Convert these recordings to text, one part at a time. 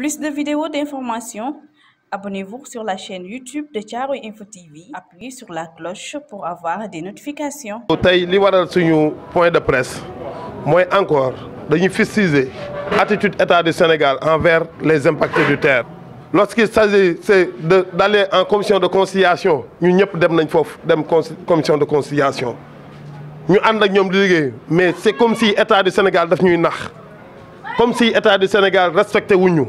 Plus de vidéos d'informations, abonnez-vous sur la chaîne YouTube de Thiaroye Info TV. Appuyez sur la cloche pour avoir des notifications. tey li point de presse Moi encore dañuy fistiser attitude état du Sénégal envers les impacts du terre. lorsqu'il s'agit c'est d'aller en commission de conciliation nous sommes dem commission de conciliation Nous avons ak ñoom di mais c'est comme si état du Sénégal daf ñuy comme si état du Sénégal respectait wuñu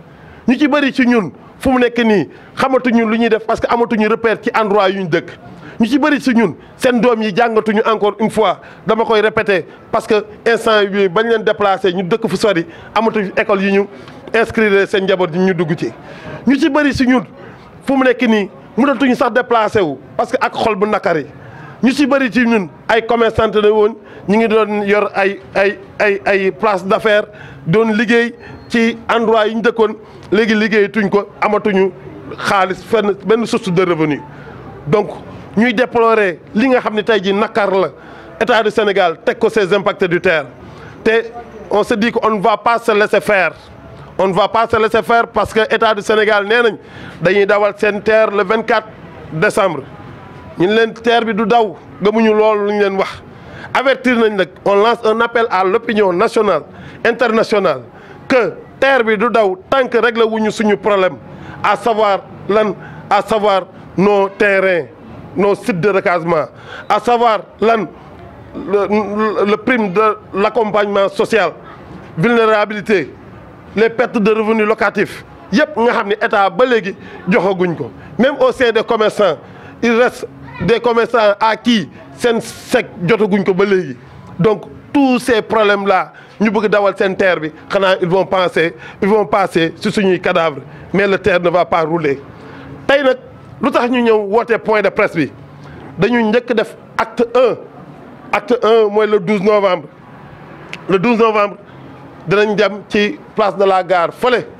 ñi ci les ci ñun fu mu ni, xamatu ñu lu def parce que nous repère ci endroit yu dëkk ñu ci bari ci ñun sen doom yi encore une fois dama koy répéter parce que instant bi bañ leen déplacé ñu dëkk fu sori amatu école yi ñu inscrire sen Nous ñu dugg ci. ñu ci bari ci ñun fu mu ñu sax déplacer wu parce que ak xol bu nakari ñu ci bari ci ñun ay commerçant la woon ñi ngi doon yor ay ay ay ay place d'affaires doon liggéey ci endroit yi ñu dëkkoon liguey tuñ ko amatuñu xaalis fenn ben source de revenu donc ñuy déplorer li nga xamni ne tey nakar la état du Sénégal tek ko ses impacts du terre on se dit qu'on ne va pas se laisser faire on ne va pas se laisser faire parce que état du Sénégal nénañ dañuy dawal sen terre le 24 décembre Il leen terre bi du daw gëmuñu loolu leen wax avertir nañ on lance un appel à l'opinion nationale internationale que terre bi du tant que nous wuñu suñu problème à savoir à savoir nos terrains nos sites de recasement à savoir le, prime de l'accompagnement social vulnérabilité les pertes de revenus locatifs nga état ba même au sein des commerçants il reste des commerçants à qui donc tous ces problèmes là nous bëgg dawal terre ils vont ils vont passer sur ce cadavre mais le terre ne va pas rouler Nous avons un point de presse Nous avons acte 1 acte 1 le 12 novembre le 12 novembre nous avons place de la gare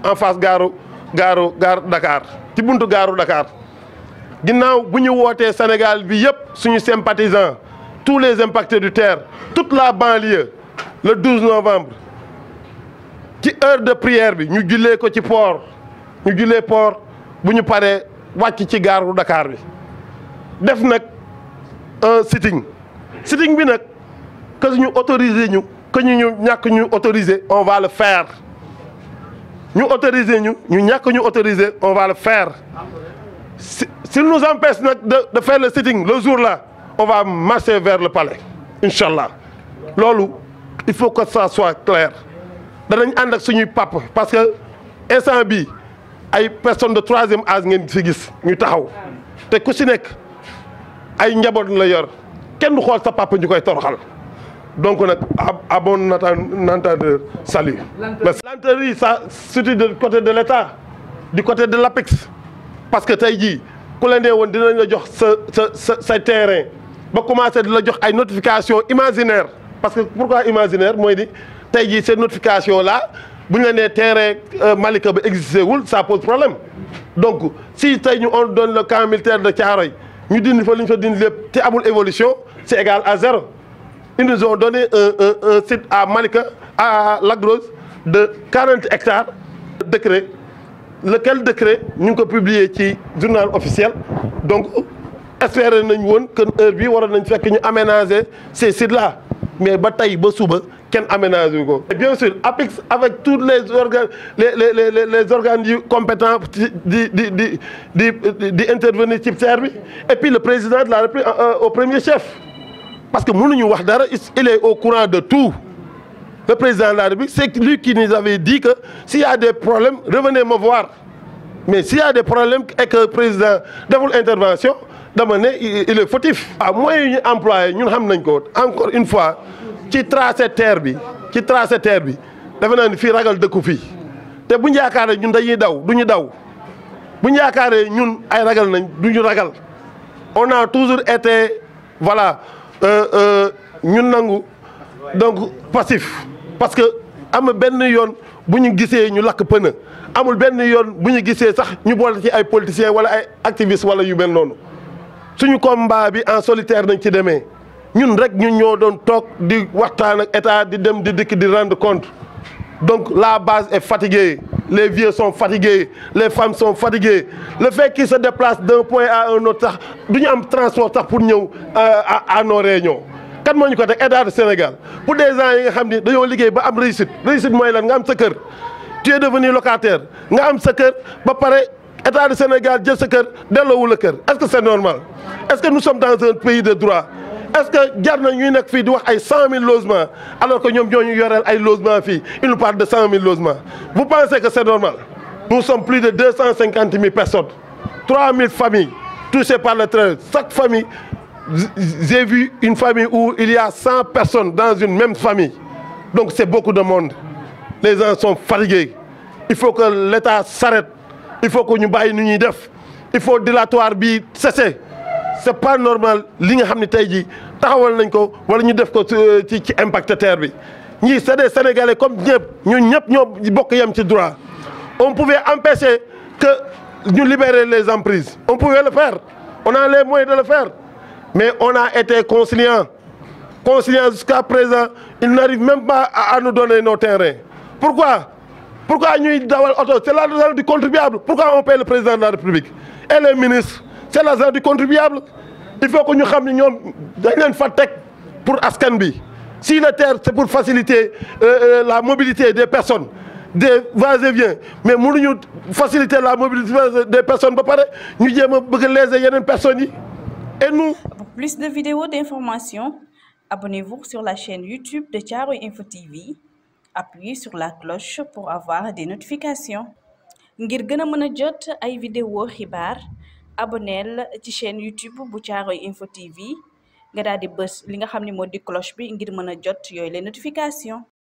en face de la gare Dakar Nous avons gare Dakar Sénégal bi sympathisants tous les impactés du terre toute la banlieue le 12 novembre ci heure de prière nous ñu jullee ko ci port nous jullee port nous ñu de qui ci de Dakar Nous avons un sitting sitting bi que ñu autoriser nous que ñu on va le faire Nous nous ñu nous que ñu autoriser on va le faire si s'il nous empêche de faire le sitting le jour là on va marcher vers le palais Inch'Allah. Lolo il faut que ça soit clair danañ ànd ak suñuy papa parce que instant bi ay personne de troisième âge ngeen fi gis ñu taxaw te ku si nekk ay njaboot pas yor kenn du sont sa papa de se toroxal donc est à bon de salut. lenteur ça du côté de l'État du côté de l'APEX parce que tey jii ku la nee woon dinañ la jox ce terrain ba commencer de la jox ay notification imaginaire parce que pourquoi imaginaire moi dit tey ces notifications là si la terrain euh, Malika ça pose problème donc si on donne le camp militaire de Karaï, nous disons fa faut ñu fa dindi évolution c'est égal à zéro ils nous ont donné un site à Malika à La de 40 hectares décret lequel décret Nous l'avons publié dans le journal officiel donc espérons-nous que nous bi aménager ces sites là mais bataille ba bien sûr avec tous les organes les organes compétents d'intervenir di di et puis le président de la République euh, euh, au premier chef. parce que mënuñu wax il est au courant de tout le président de la République c'est lui qui nous avait dit que s'il y a des problèmes revenez me voir mais s'il y a des problèmes et que le président votre intervention il est fautif. à moins employé encore une fois ci trace terre bi ci tracé terre bi nous ragal de Nous bu daw daw bu on a toujours été voilà euh, euh, ñun nangu donc passif parce que am ben yoon bu ñu ñu lakk amul yoon bu ñu sax ñu boole politiciens wala ay activistes wala yu mel suñu combat bi en solitaire nous ci nous ñun rek ñun ñoo doon tok di waxtaan état di dem di rendre compte donc la base est fatiguée les vieux sont fatigués les femmes sont fatiguées le fait qu'ils se déplacent d'un point à un autre nous am transport pour nous, euh, à à nos réunions. kan nous sommes ko tek état du Sénégal pour des gens yi nga xamni ni dañoo liggéey ba am réussite réussite moy lan nga am sa tu es devenu locataire nga am sa kër ba État du Sénégal, Dieu cœur, le Est-ce que c'est normal Est-ce que nous sommes dans un pays de droit Est-ce que Gardner Nguyenek fait 100 000 logements alors que nous avons eu un logement Il nous parle de 100 000 logements. Vous pensez que c'est normal Nous sommes plus de 250 000 personnes, 3 000 familles touchées par le train. Chaque famille, j'ai vu une famille où il y a 100 personnes dans une même famille. Donc c'est beaucoup de monde. Les gens sont fatigués. Il faut que l'État s'arrête il faut que nous bàyyi nous ñuy def il faut dilatoire bi Ce c'est pas normal li nga xamni ne taxawal nañ ko wala ñu def ko ci ci terre bi ñi c'est des sénégalais comme nous ñun ñëpp ñoo bokk yam ci droit on pouvait empêcher que nous libérer les emprises on pouvait le faire on a les moyens de le faire mais on a été conciliant conciliant jusqu'à présent ils n'arrivent même pas à nous donner nos terrains pourquoi pourquoi C'est du contribuable. Pourquoi on paye le président de la République et les ministres C'est l'argent du contribuable. Il faut que nous sachions FATEC pour Askanbi. Si la terre, c'est pour euh, euh, faciliter la mobilité des personnes, des vases et viens, mais nous faciliter la mobilité des personnes, nous devons les personnes. Et nous. Pour plus de vidéos d'informations, abonnez-vous sur la chaîne YouTube de Charo Info TV appuyez sur la cloche pour avoir des notifications ngir vous mëna à jot ay vidéo xibaar à ci chaîne YouTube bu info TV nga daal di la li cloche bi ngir les notifications